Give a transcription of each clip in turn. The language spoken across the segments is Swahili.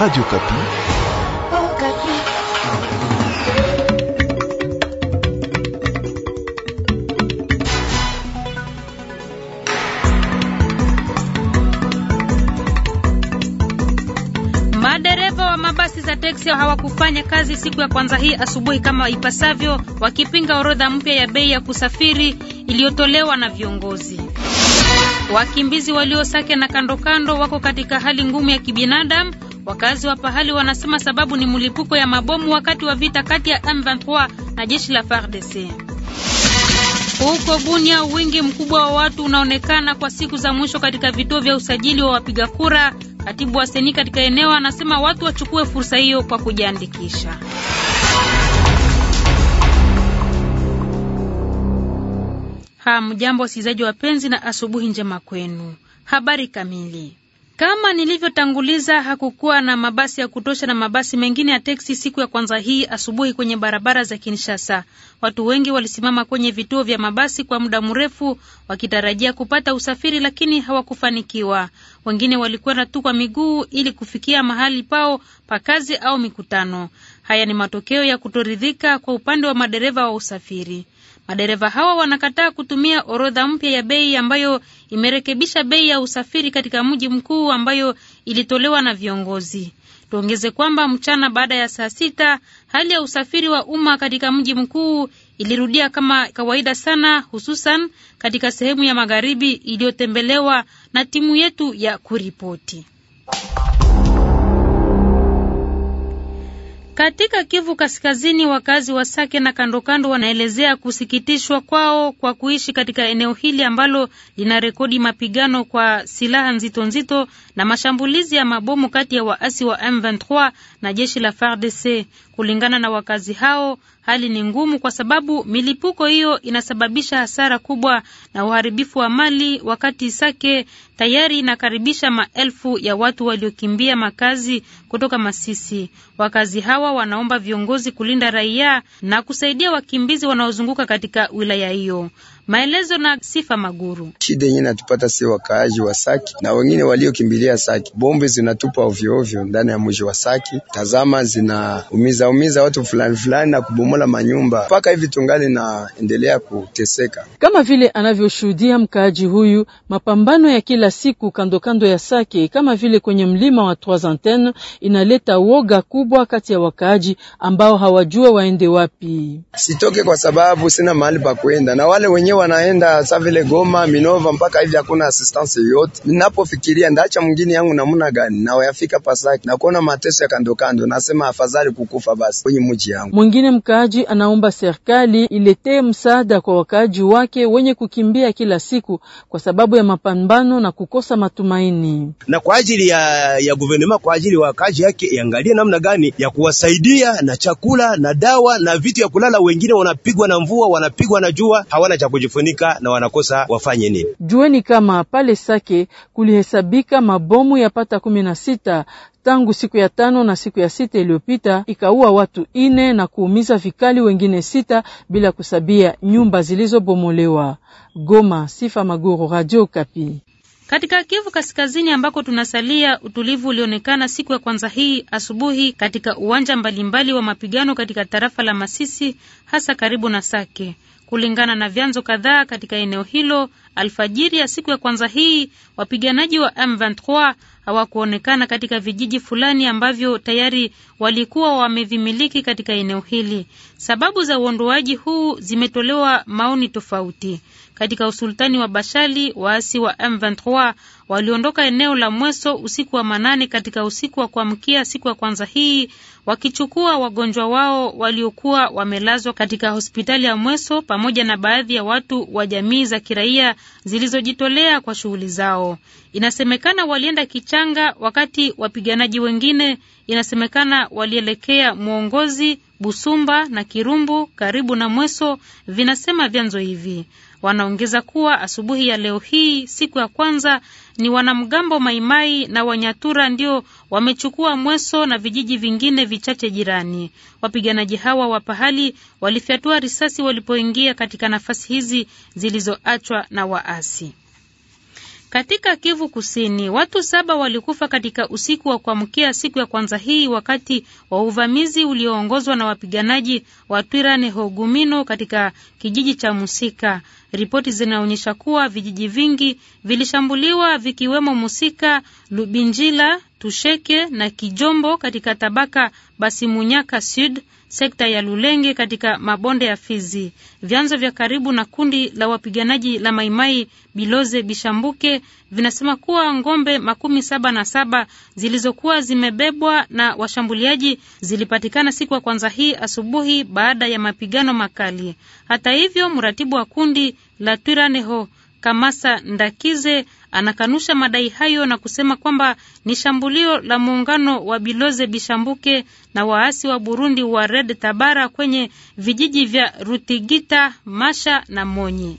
Radio Okapi. Oh, Madereva wa mabasi za teksi hawakufanya kazi siku ya kwanza hii asubuhi kama ipasavyo, wakipinga orodha mpya ya bei ya kusafiri iliyotolewa na viongozi. Wakimbizi walio Sake na kandokando kando wako katika hali ngumu ya kibinadamu Wakazi wa pahali wanasema sababu ni mlipuko ya mabomu wakati wa vita kati ya M23 na jeshi la FARDC. Huko Bunia, wingi mkubwa wa watu unaonekana kwa siku za mwisho katika vituo vya usajili wa wapiga kura. Katibu wa seni katika eneo anasema watu wachukue fursa hiyo kwa kujiandikisha. Hamjambo wasikilizaji wapenzi, na asubuhi njema kwenu. Habari kamili kama nilivyotanguliza, hakukuwa na mabasi ya kutosha na mabasi mengine ya teksi siku ya kwanza hii asubuhi kwenye barabara za Kinshasa. Watu wengi walisimama kwenye vituo vya mabasi kwa muda mrefu wakitarajia kupata usafiri, lakini hawakufanikiwa. Wengine walikwenda tu kwa miguu ili kufikia mahali pao pa kazi au mikutano. Haya ni matokeo ya kutoridhika kwa upande wa madereva wa usafiri. Madereva hawa wanakataa kutumia orodha mpya ya bei ambayo imerekebisha bei ya usafiri katika mji mkuu ambayo ilitolewa na viongozi. Tuongeze kwamba mchana baada ya saa sita hali ya usafiri wa umma katika mji mkuu ilirudia kama kawaida sana, hususan katika sehemu ya magharibi iliyotembelewa na timu yetu ya kuripoti. Katika Kivu Kaskazini, wakazi wa Sake na kandokando wanaelezea kusikitishwa kwao kwa kuishi katika eneo hili ambalo lina rekodi mapigano kwa silaha nzito nzito na mashambulizi ya mabomu kati ya waasi wa M23 na jeshi la FARDC. Kulingana na wakazi hao, Hali ni ngumu kwa sababu milipuko hiyo inasababisha hasara kubwa na uharibifu wa mali, wakati Sake tayari inakaribisha maelfu ya watu waliokimbia makazi kutoka Masisi. Wakazi hawa wanaomba viongozi kulinda raia na kusaidia wakimbizi wanaozunguka katika wilaya hiyo. Maelezo na Sifa Maguru. Shida yenyewe natupata si wakaaji wa Saki na wengine waliokimbilia Saki. Bombe zinatupa ovyo ovyo ndani ya mji wa Saki, tazama zinaumiza umiza watu fulani fulani na kubomola manyumba. Mpaka hivi tungali naendelea kuteseka, kama vile anavyoshuhudia mkaaji huyu. Mapambano ya kila siku kando kando ya Saki, kama vile kwenye mlima wa Trois Antennes, inaleta woga kubwa kati ya wakaaji ambao hawajua waende wapi. Sitoke kwa sababu sina mahali pa kwenda na wale wenye wanaenda sa vile Goma, Minova, mpaka hivi hakuna assistance yoyote. Ninapofikiria ndaacha mwingine yangu namuna gani, na wayafika Pasaki na kuona mateso ya kando kando, nasema afadhali kukufa basi kwenye mji yangu. Mwingine mkaaji anaomba serikali iletee msaada kwa wakaaji wake wenye kukimbia kila siku kwa sababu ya mapambano na kukosa matumaini, na kwa ajili ya, ya guvernema kwa ajili ya wakaaji yake iangalie namna gani ya kuwasaidia na chakula na dawa na vitu ya kulala. Wengine wanapigwa na mvua, wanapigwa na jua, hawana chakula wanajifunika na wanakosa wafanye nini. Jueni kama pale Sake kulihesabika mabomu pata kumi na sita tangu siku ya tano na siku ya sita iliyopita ikaua watu ine na kuumiza vikali wengine sita bila kusabia nyumba zilizobomolewa. Goma, Sifa Maguru, Radio Kapi. Katika Kivu Kaskazini ambako tunasalia, utulivu ulionekana siku ya kwanza hii asubuhi katika uwanja mbalimbali wa mapigano katika tarafa la Masisi, hasa karibu na Sake. Kulingana na vyanzo kadhaa katika eneo hilo, alfajiri ya siku ya kwanza hii wapiganaji wa M23 hawakuonekana katika vijiji fulani ambavyo tayari walikuwa wamevimiliki katika eneo hili. Sababu za uondoaji huu zimetolewa maoni tofauti. Katika usultani wa Bashali, waasi wa M23 waliondoka eneo la Mweso usiku wa manane katika usiku wa kuamkia siku ya kwanza hii wakichukua wagonjwa wao waliokuwa wamelazwa katika hospitali ya Mweso pamoja na baadhi ya watu wa jamii za kiraia zilizojitolea kwa shughuli zao. Inasemekana walienda Kichanga wakati wapiganaji wengine inasemekana walielekea Mwongozi, Busumba na Kirumbu karibu na Mweso, vinasema vyanzo hivi. Wanaongeza kuwa asubuhi ya leo hii, siku ya kwanza, ni wanamgambo Maimai na Wanyatura ndio wamechukua Mweso na vijiji vingine vichache jirani. Wapiganaji hawa wa pahali walifyatua risasi walipoingia katika nafasi hizi zilizoachwa na waasi. Katika Kivu Kusini, watu saba walikufa katika usiku wa kuamkia siku ya kwanza hii wakati wa uvamizi ulioongozwa na wapiganaji wa Twirane Hogumino katika kijiji cha Musika. Ripoti zinaonyesha kuwa vijiji vingi vilishambuliwa vikiwemo Musika, Lubinjila, Tusheke na Kijombo katika tabaka Basimunyaka Sud sekta ya Lulenge katika mabonde ya Fizi. Vyanzo vya karibu na kundi la wapiganaji la Maimai Biloze Bishambuke vinasema kuwa ngombe makumi saba na saba zilizokuwa zimebebwa na washambuliaji zilipatikana siku ya kwanza hii asubuhi baada ya mapigano makali. Hata hivyo, mratibu wa kundi la Twiraneho Kamasa Ndakize anakanusha madai hayo na kusema kwamba ni shambulio la muungano wa Biloze Bishambuke na waasi wa Burundi wa Red Tabara kwenye vijiji vya Rutigita, Masha na Monye.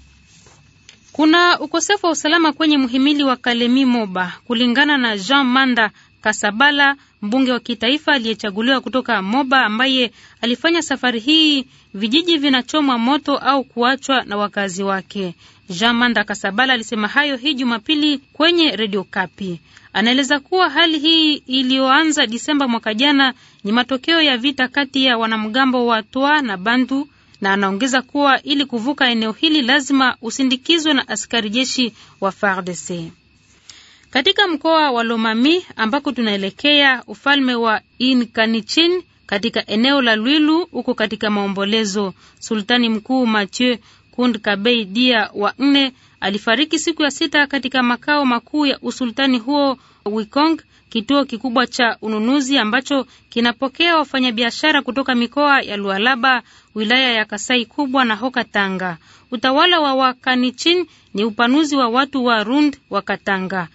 Kuna ukosefu wa usalama kwenye mhimili wa Kalemi Moba kulingana na Jean Manda Kasabala, mbunge wa kitaifa aliyechaguliwa kutoka Moba ambaye alifanya safari hii. Vijiji vinachomwa moto au kuachwa na wakazi wake. Jean Manda Kasabala alisema hayo hii Jumapili kwenye redio Kapi. Anaeleza kuwa hali hii iliyoanza Disemba mwaka jana ni matokeo ya vita kati ya wanamgambo wa Twa na bandu na anaongeza kuwa ili kuvuka eneo hili lazima usindikizwe na askari jeshi wa FARDC. Katika mkoa wa Lomami ambako tunaelekea ufalme wa Inkanichin katika eneo la Lwilu huko katika maombolezo, sultani mkuu Mathieu Kund Kabei Dia wa nne alifariki siku ya sita katika makao makuu ya usultani huo Wikong, kituo kikubwa cha ununuzi ambacho kinapokea wafanyabiashara kutoka mikoa ya Lualaba, wilaya ya Kasai kubwa na Hoka Tanga. Utawala wa Wakanichin ni upanuzi wa watu wa Rund wa Katanga.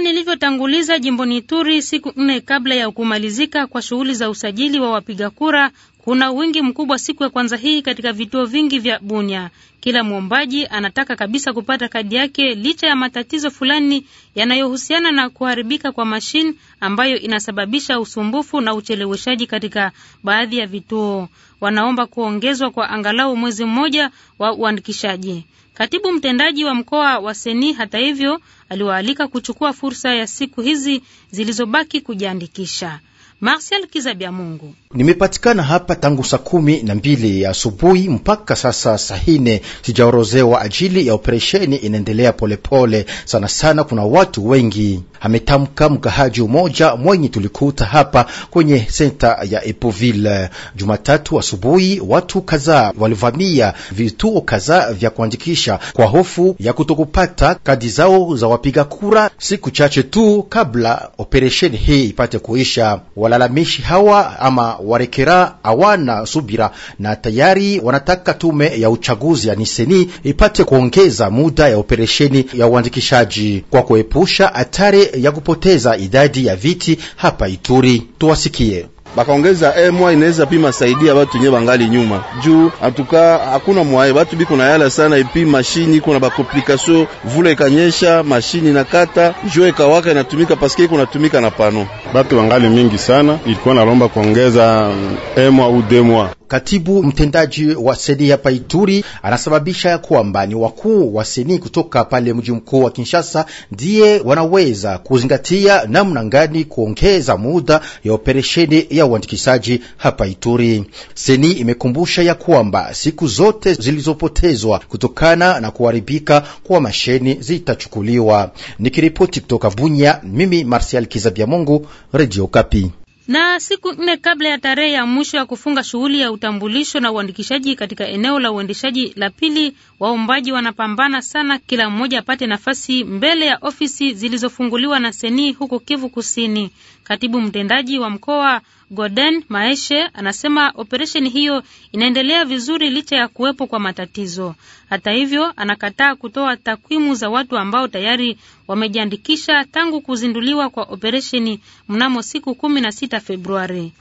Kama nilivyotanguliza jimboni Ituri, siku nne kabla ya kumalizika kwa shughuli za usajili wa wapiga kura, kuna wingi mkubwa siku ya kwanza hii katika vituo vingi vya Bunya. Kila mwombaji anataka kabisa kupata kadi yake, licha ya matatizo fulani yanayohusiana na kuharibika kwa mashine ambayo inasababisha usumbufu na ucheleweshaji katika baadhi ya vituo. Wanaomba kuongezwa kwa angalau mwezi mmoja wa uandikishaji. Katibu mtendaji wa mkoa wa Seni, hata hivyo, aliwaalika kuchukua fursa ya siku hizi zilizobaki kujiandikisha. Marcel Kizabia Mungu. Nimepatikana hapa tangu saa kumi na mbili ya asubuhi mpaka sasa saa hine, sijaorozewa ajili ya operesheni inaendelea polepole sana sana, kuna watu wengi, ametamka mkahaji umoja mwenye tulikuta hapa kwenye senta ya Epoville. Jumatatu asubuhi, watu kadhaa walivamia vituo kadhaa vya kuandikisha kwa hofu ya kutokupata kadi zao za wapiga kura, siku chache tu kabla operesheni hii ipate kuisha walalamishi hawa ama warekera hawana subira na tayari wanataka tume ya uchaguzi ya niseni ipate kuongeza muda ya operesheni ya uandikishaji kwa kuepusha hatari ya kupoteza idadi ya viti hapa Ituri. Tuwasikie bakaongeza e eh, mwa inaweza pima saidia watu wenyewe bangali nyuma juu atuka hakuna mwae watu biko na yala sana, ipi mashini iko na bakomplikasio, vula ikanyesha mashini na kata jo ikawaka inatumika paske iko natumika na pano, batu bangali mingi sana, ilikuwa nalomba kuongeza e eh, mwa u de mwa Katibu mtendaji wa seni hapa Ituri anasababisha ya kwamba ni wakuu wa seni kutoka pale mji mkuu wa Kinshasa ndiye wanaweza kuzingatia namna gani kuongeza muda ya operesheni ya uandikishaji hapa Ituri. Seni imekumbusha ya kwamba siku zote zilizopotezwa kutokana na kuharibika kwa masheni zitachukuliwa. Nikiripoti kutoka Bunya, mimi Marsial Kizabiamungu, Radio Kapi. Na siku nne kabla ya tarehe ya mwisho ya kufunga shughuli ya utambulisho na uandikishaji katika eneo la uendeshaji la pili, waombaji wanapambana sana, kila mmoja apate nafasi mbele ya ofisi zilizofunguliwa na Seni huko Kivu Kusini. Katibu mtendaji wa mkoa Gordon Maeshe anasema operesheni hiyo inaendelea vizuri licha ya kuwepo kwa matatizo. Hata hivyo, anakataa kutoa takwimu za watu ambao tayari wamejiandikisha tangu kuzinduliwa kwa operesheni mnamo siku 16 Februari.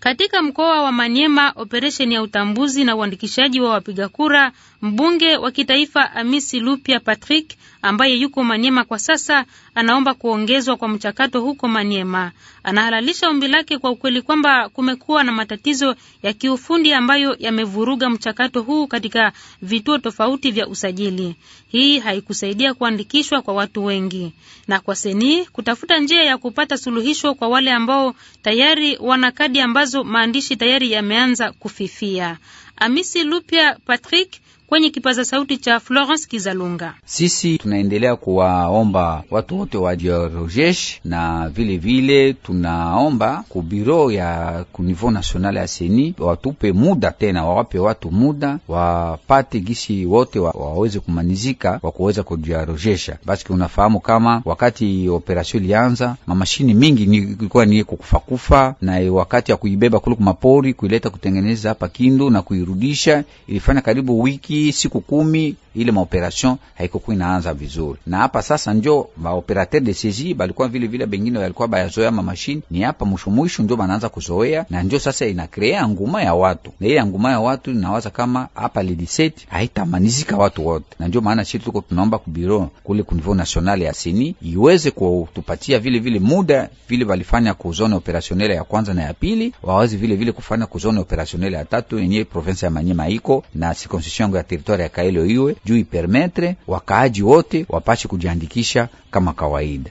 Katika mkoa wa Manyema, operesheni ya utambuzi na uandikishaji wa wapiga kura, mbunge wa kitaifa Amisi Lupia Patrick ambaye yuko Manyema kwa sasa anaomba kuongezwa kwa mchakato huko Manyema anahalalisha ombi lake kwa ukweli kwamba kumekuwa na matatizo ya kiufundi ambayo yamevuruga mchakato huu katika vituo tofauti vya usajili. Hii haikusaidia kuandikishwa kwa watu wengi, na kwa seni kutafuta njia ya kupata suluhisho kwa wale ambao tayari wana kadi ambazo maandishi tayari yameanza kufifia. Amisi Lupia Patrick kwenye kipaza sauti cha Florence Kizalunga. Sisi tunaendelea kuwaomba watu wote wa Georgesh na vile vile tunaomba ku biro ya ku niveau national ya seni watupe muda tena, wawape watu muda wapate gisi wote wa, waweze kumanizika wa kuweza kujiarojesha. Basi unafahamu kama wakati operasio ilianza mamashini mingi ilikuwa ni kukufakufa, na wakati ya kuibeba kule kumapori kuileta kutengeneza hapa Kindu na kuirudisha ilifanya karibu wiki hii siku kumi ile maoperation haikokuwa inaanza vizuri, na hapa sasa njo maoperateur de saisie balikuwa vile vile bengine walikuwa bayazoea ma machine, ni hapa mwisho mwisho ndio banaanza kuzoea, na njo sasa inakrea nguma ya watu, na ile nguma ya watu inawaza kama hapa lidiseti haitamanizika watu wote, na ndio maana sisi tuko tunaomba ku bureau kule ku niveau national ya sini iweze kutupatia vile vile muda vile walifanya ku zone operationnelle ya kwanza na ya pili, wawezi vile vile kufanya ku zone operationnelle ya tatu yenye province ya Manyema iko na circonscription ya teritoria ya Kaelo iwe juu ipermetre wakaaji wote wapashe kujiandikisha kama kawaida.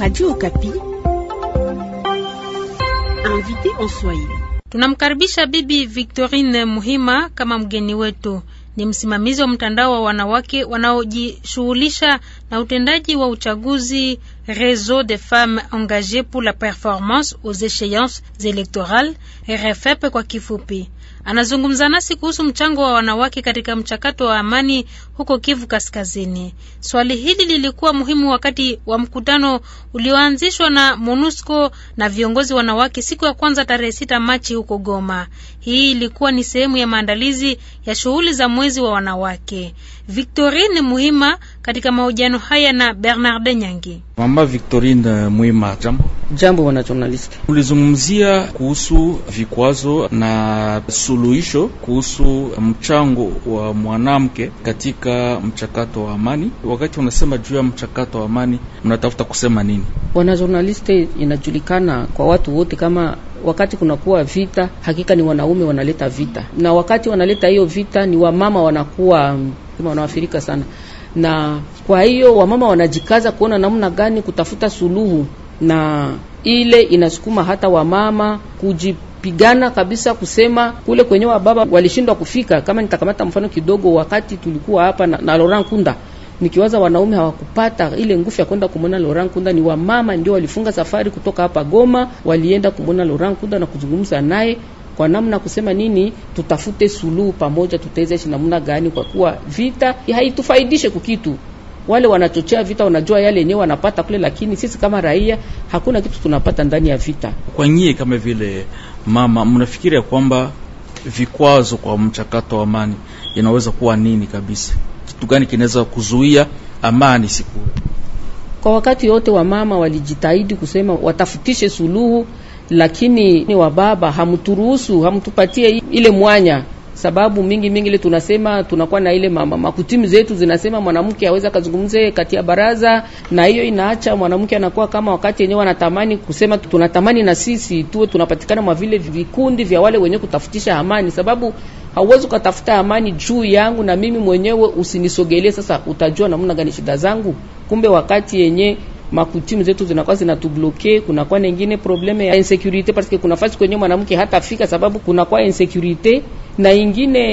Radio invité en Swahili. Tunamkaribisha Bibi Victorine Muhima kama mgeni wetu. Ni msimamizi wa mtandao wa wanawake wanaojishughulisha na utendaji wa uchaguzi Réseau des femmes engagées pour la performance aux échéances électorales RFEP kwa kifupi. Anazungumza nasi kuhusu mchango wa wanawake katika mchakato wa amani huko Kivu Kaskazini. Swali hili lilikuwa muhimu wakati wa mkutano ulioanzishwa na MONUSCO na viongozi wanawake siku ya kwanza tarehe sita Machi huko Goma. Hii ilikuwa ni sehemu ya maandalizi ya shughuli za mwezi wa wanawake. Victorine Muhima katika mahojiano haya na Bernard Nyangi. Mama Victorine Muhima, jambo. Jambo bwana journalist. Ulizungumzia kuhusu vikwazo na suluhisho kuhusu mchango wa mwanamke katika mchakato wa amani. Wakati unasema juu ya mchakato wa amani, mnatafuta kusema nini? Bwana journalist, inajulikana kwa watu wote kama wakati kunakuwa vita, hakika ni wanaume wanaleta vita, na wakati wanaleta hiyo vita ni wamama wanakuwa kama wanawafirika sana, na kwa hiyo wamama wanajikaza kuona namna gani kutafuta suluhu, na ile inasukuma hata wamama kuji pigana kabisa kusema kule kwenye wababa walishindwa kufika. Kama nitakamata mfano kidogo, wakati tulikuwa hapa na, na Laurent Kunda nikiwaza wanaume hawakupata ile nguvu ya kwenda kumwona Laurent Kunda. Ni wamama ndio walifunga safari kutoka hapa Goma, walienda kumwona Laurent Kunda na kuzungumza naye kwa namna kusema nini, tutafute suluhu pamoja, tutaweza ishi namna gani, kwa kuwa vita haitufaidishe kukitu. Wale wanachochea vita wanajua yale yenyewe wanapata kule, lakini sisi kama raia hakuna kitu tunapata ndani ya vita. Kwa nyie kama vile mama, mnafikiria kwamba vikwazo kwa mchakato wa amani inaweza kuwa nini kabisa? kitu gani kinaweza kuzuia amani siku Kwa wakati wote mama walijitahidi kusema watafutishe suluhu, lakini ni wababa hamturuhusu, hamtupatie ile mwanya sababu mingi mingi ile tunasema tunakuwa na ile mama makutimu zetu zinasema mwanamke aweza kazungumze kati ya baraza, na hiyo inaacha mwanamke anakuwa kama wakati yenyewe wanatamani kusema, tunatamani na sisi tuwe tunapatikana mwa vile vikundi vya wale wenye kutafutisha amani, sababu hauwezi ukatafuta amani juu yangu na mimi mwenyewe usinisogelee. Sasa utajua namna gani shida zangu? Kumbe wakati yenye makutimu zetu zinakuwa zinatubloke, kunakuwa nyingine probleme ya insecurity, parce que kuna fasi kwenye mwanamke hata fika sababu kunakuwa insecurity na ingine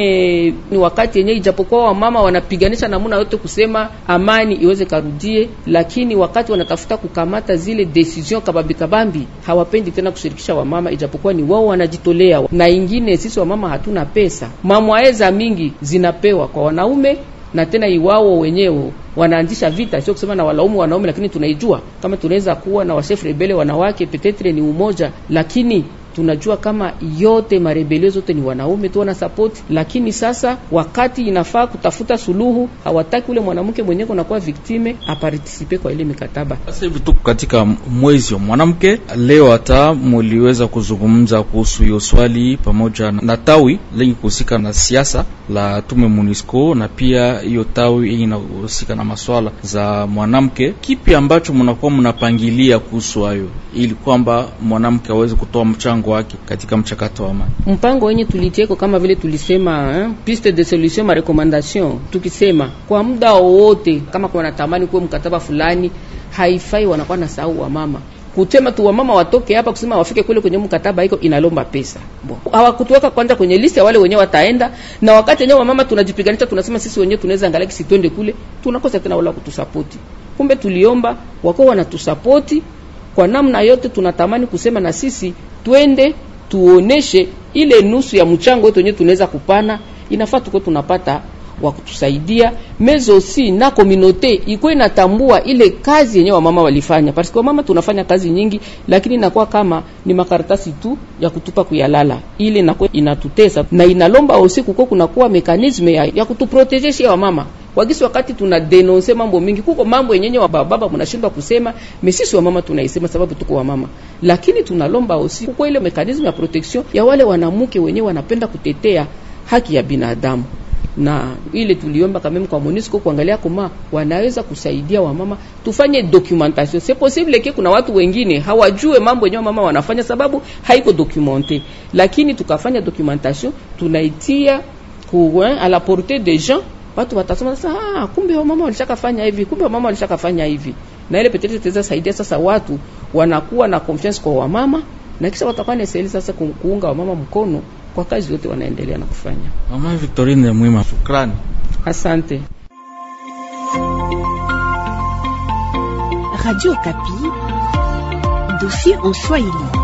ni wakati yenye, ijapokuwa wamama wanapiganisha namuna yote kusema amani iweze karudie, lakini wakati wanatafuta kukamata zile decision kabambi kabambi, hawapendi tena kushirikisha wamama, ijapokuwa ni wao wanajitolea. Na ingine sisi wamama hatuna pesa, mamwaeza mingi zinapewa kwa wanaume na tena iwao wenyewe wanaanzisha vita, sio kusema na walaumu wanaume, lakini tunaijua kama tunaweza kuwa na wasefu rebele wanawake, petetre ni umoja, lakini tunajua kama yote marebelio zote ni wanaume tu wana sapoti, lakini sasa wakati inafaa kutafuta suluhu, hawataki ule mwanamke mwenyewe kunakuwa viktime apartisipe kwa ile mikataba. Sasa hivi tuko katika mwezi wa mwanamke, leo hata muliweza kuzungumza kuhusu hiyo swali pamoja na tawi lenye kuhusika na siasa la tume MONUSCO na pia hiyo tawi yenye inahusika na maswala za mwanamke. Kipi ambacho mnakuwa mnapangilia kuhusu hayo ili kwamba mwanamke aweze kutoa mchango mchango wake katika mchakato wa amani. Mpango wenye tulitieko kama vile tulisema eh, piste de solution ma recommandation, tukisema kwa muda wowote kama kwa natamani kuwe mkataba fulani haifai, wanakuwa na sahau wa mama kutema tu wamama watoke hapa kusema wafike kule kwenye mkataba iko inalomba pesa. bo, Hawakutuweka kwanza kwenye liste ya wale wenyewe wataenda, na wakati wenyewe wamama tunajipiganisha, tunasema sisi wenyewe tunaweza angalia kisi kule, tunakosa tena wala kutusapoti. Kumbe tuliomba wako wanatusapoti, kwa namna yote tunatamani kusema na sisi twende tuoneshe ile nusu ya mchango wetu wenyewe tunaweza kupana, inafaa tuko tunapata wa kutusaidia mezo si na kominote iko inatambua ile kazi yenye wamama walifanya, parce que wamama tunafanya kazi nyingi, lakini inakuwa kama ni makaratasi tu ya kutupa kuyalala. Ile inakuwa inatutesa na inalomba usiku kuko kunakuwa mekanisme ya, ya kutuprotejesha wamama kwa gisi wakati tuna denonse mambo mingi, kuko mambo yenyewe wa baba mnashindwa kusema, mesisi wa mama tunaisema sababu tuko wa mama, lakini tunalomba osi kuko ile mekanizmu ya protection ya wale wanamuke wenyewe wanapenda kutetea haki ya binadamu na ile tuliomba kama kwa Monisco kuangalia kama wanaweza kusaidia wamama, tufanye documentation. C'est possible ke kuna watu wengine hawajue mambo yenyewe mama wanafanya, sababu haiko documente, lakini tukafanya documentation, tunaitia kuwa a la portée des gens watu watasoma sasa, ah, kumbe wa mama walishakafanya hivi, kumbe wa mama walishakafanya hivi, na ile petete itaweza saidia sasa watu wanakuwa na confidence kwa wamama, na kisha watakuwa na sehemu sasa kuunga wamama mkono kwa kazi yote wanaendelea na kufanya. Mama Victorine Mwima, shukrani, asante. Radio Kapi, dossier en Swahili.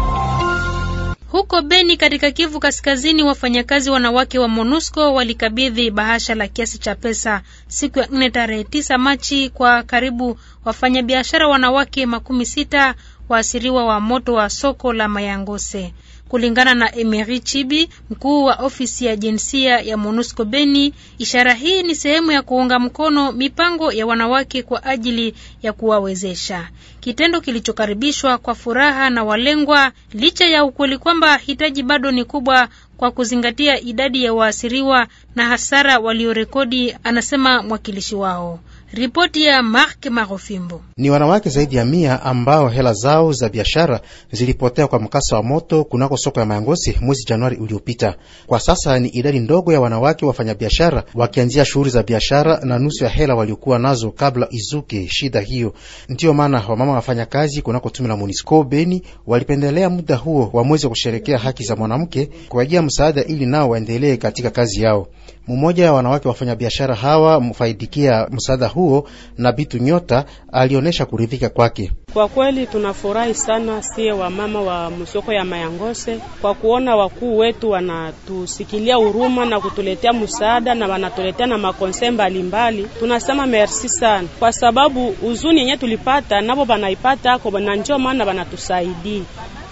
Huko Beni katika Kivu Kaskazini, wafanyakazi wanawake wa MONUSCO walikabidhi bahasha la kiasi cha pesa siku ya nne tarehe tisa Machi kwa karibu wafanyabiashara wanawake makumi sita waasiriwa wa moto wa soko la Mayangose. Kulingana na Emery Chibi, mkuu wa ofisi ya jinsia ya MONUSCO Beni, ishara hii ni sehemu ya kuunga mkono mipango ya wanawake kwa ajili ya kuwawezesha, kitendo kilichokaribishwa kwa furaha na walengwa, licha ya ukweli kwamba hitaji bado ni kubwa kwa kuzingatia idadi ya waasiriwa na hasara waliorekodi, anasema mwakilishi wao. Ripoti ya Mark Marofimbo. Ni wanawake zaidi ya mia ambao hela zao za biashara zilipotea kwa mkasa wa moto kunako soko ya Mayangosi mwezi Januari uliopita. Kwa sasa ni idadi ndogo ya wanawake wafanyabiashara wakianzia shughuli za biashara na nusu ya hela waliokuwa nazo kabla izuke shida hiyo. Ndiyo maana wamama wafanyakazi kunako tume la MONUSCO Beni walipendelea muda huo wa mwezi wa kusherekea haki za mwanamke kuwajia msaada, ili nao waendelee katika kazi yao. Mmoja wa wanawake wafanyabiashara hawa mfaidikia msaada huo na Bitu Nyota alionyesha kuridhika kwake. Kwa kweli tunafurahi sana sie wamama wa msoko ya Mayangose kwa kuona wakuu wetu wanatusikilia huruma na kutuletea msaada na wanatuletea na makonse mbalimbali. Tunasema merci sana, kwa sababu huzuni yenye tulipata nabo banaipata ako na njoo maana wanatusaidia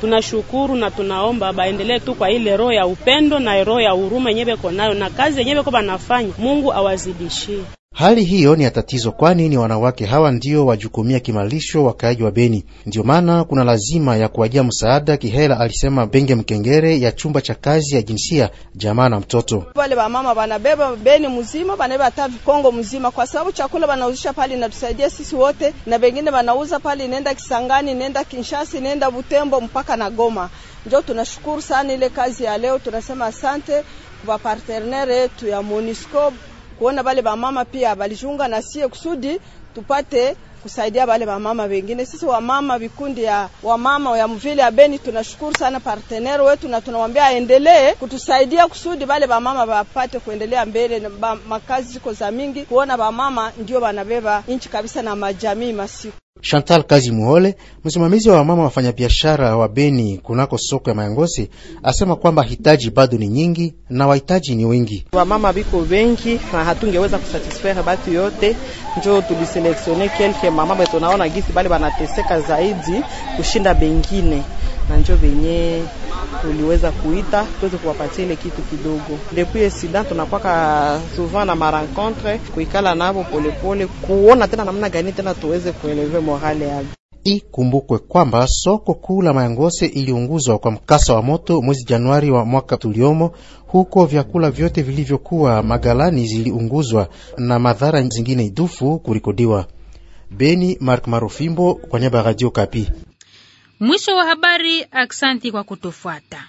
Tunashukuru na tunaomba baendelee tu kwa ile roho ya upendo na roho ya huruma yenyewe beko nayo na kazi yenyewe beko banafanya, Mungu awazidishie. Hali hiyo ni ya tatizo, kwani ni wanawake hawa ndio wajukumia kimalisho wakaaji wa Beni. Ndio maana kuna lazima ya kuwajia msaada kihela, alisema Benge Mkengere ya chumba cha kazi ya jinsia jamaa na mtoto. Wale wamama wanabeba Beni mzima, wanabeba hata Kongo mzima, kwa sababu chakula wanauzisha pale inatusaidia sisi wote, na bengine wanauza pale inaenda Kisangani, inaenda Kinshasa, inaenda Butembo mpaka na Goma. Njo tunashukuru sana ile kazi ya leo, tunasema asante kwa partenere yetu ya Monisco kuona bale bamama pia balijiunga na sie kusudi tupate kusaidia bale bamama wengine. Sisi wamama vikundi ya wamama ya mvile ya Beni tunashukuru sana partener wetu, na tunamwambia aendelee kutusaidia kusudi bale bamama bapate kuendelea mbele makazi ziko za mingi, kuona bamama ndio wanabeba nchi kabisa na majamii masiku Chantal kazi Muhole, msimamizi wa wamama wafanyabiashara wa Beni kunako soko ya Mayangosi, asema kwamba hitaji bado ni nyingi na wahitaji ni wengi. Wamama biko wengi na hatungeweza kusatisfaire batu yote, njo tuliseleksione kelke mama tunaona gisi bali banateseka zaidi kushinda bengine na njo venye tuliweza kuita tuweze kuwapatia ile kitu kidogo. Depuis sida tunakwaka souvent na marencontre kuikala navo polepole, kuona tena namna gani tena tuweze kueleve morale yao. Ikumbukwe kwamba soko kuu la Mayangose iliunguzwa kwa mkasa wa moto mwezi Januari wa mwaka tuliomo. Huko vyakula vyote vilivyokuwa magalani ziliunguzwa na madhara zingine idufu kurikodiwa. Beni, Mark Marofimbo kwa niaba ya Radio Kapi. Mwisho wa habari. Aksanti kwa kutufuata.